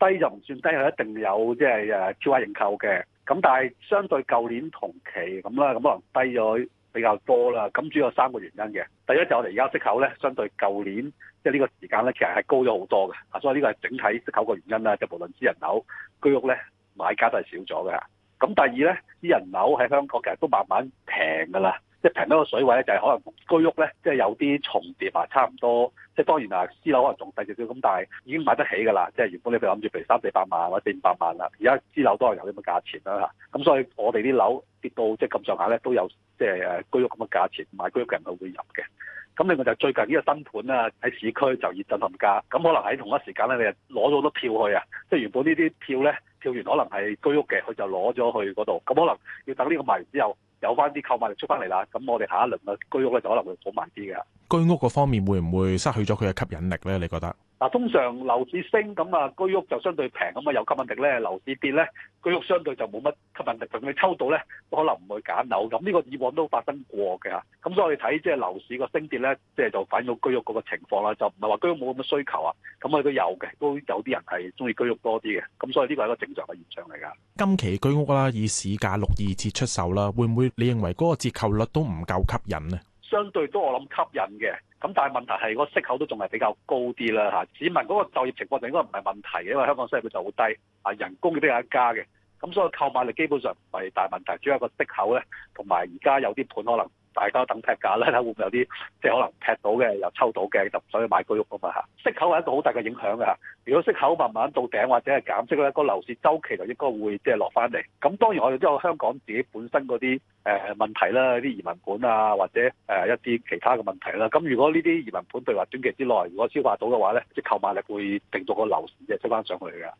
低就唔算低，係一定有即係誒超額認購嘅。咁、就是啊、但係相對舊年同期咁啦，咁可能低咗比較多啦。咁主要有三個原因嘅。第一就我哋而家息口咧，相對舊年即係呢個時間咧，其實係高咗好多嘅。啊，所以呢個係整體息口嘅原因啦。就無論私人樓、居屋咧，買家都係少咗嘅。咁第二咧，私人樓喺香港其實都慢慢平㗎啦。即係平多個水位咧，就係、是、可能居屋咧，即係有啲重疊啊，差唔多。即係當然啦、啊，私樓可能仲細少少，咁但係已經買得起㗎啦。即係原本你哋諗住譬如三四百萬或者四五百萬啦，而家私樓都係有呢個價錢啦嚇。咁所以我哋啲樓跌到即係咁上下咧，都有即係誒居屋咁嘅價錢，買居屋嘅人就會入嘅。咁另外就最近呢個新盤啊喺市區就熱震撼價，咁可能喺同一時間咧，你係攞咗好多票去啊。即係原本呢啲票咧，跳完可能係居屋嘅，佢就攞咗去嗰度，咁可能要等呢個賣完之後。有翻啲購買力出翻嚟啦，咁我哋下一輪嘅居屋咧就可能會好慢啲嘅。居屋嗰方面會唔會失去咗佢嘅吸引力咧？你覺得會會？嗱，通常樓市升咁啊，居屋就相對平咁啊，有吸引力咧；樓市跌咧，居屋相對就冇乜吸引力。等你抽到咧，都可能唔會揀樓咁。呢個以往都發生過嘅，咁所以我哋睇即係樓市個升跌咧，即係就反映到居屋個個情況啦。就唔係話居屋冇咁嘅需求啊，咁啊都有嘅，都有啲人係中意居屋多啲嘅。咁所以呢個係一個正常嘅現象嚟噶。今期居屋啦，以市價六二折出售啦，會唔會你認為嗰個折扣率都唔夠吸引咧？相對都我諗吸引嘅。咁但係問題係個息口都仲係比較高啲啦嚇，市民嗰個就業情況就應該唔係問題嘅，因為香港失業率就好低，啊人工亦都有一加嘅，咁所以購買力基本上唔係大問題，主要係個息口咧同埋而家有啲盤可能。大家等劈價咧，睇下會唔會有啲即係可能劈到嘅，又抽到嘅，就唔想去買居屋啊嘛嚇。息口係一個好大嘅影響啊！如果息口慢慢到頂或者係減息咧，個樓市周期就應該會即係、就是、落翻嚟。咁當然我哋都有香港自己本身嗰啲誒問題啦，啲移民盤啊，或者誒一啲其他嘅問題啦。咁如果呢啲移民盤譬如話短期之內如果消化到嘅話咧，即係購買力會定到個樓市即係、就是、升翻上去㗎。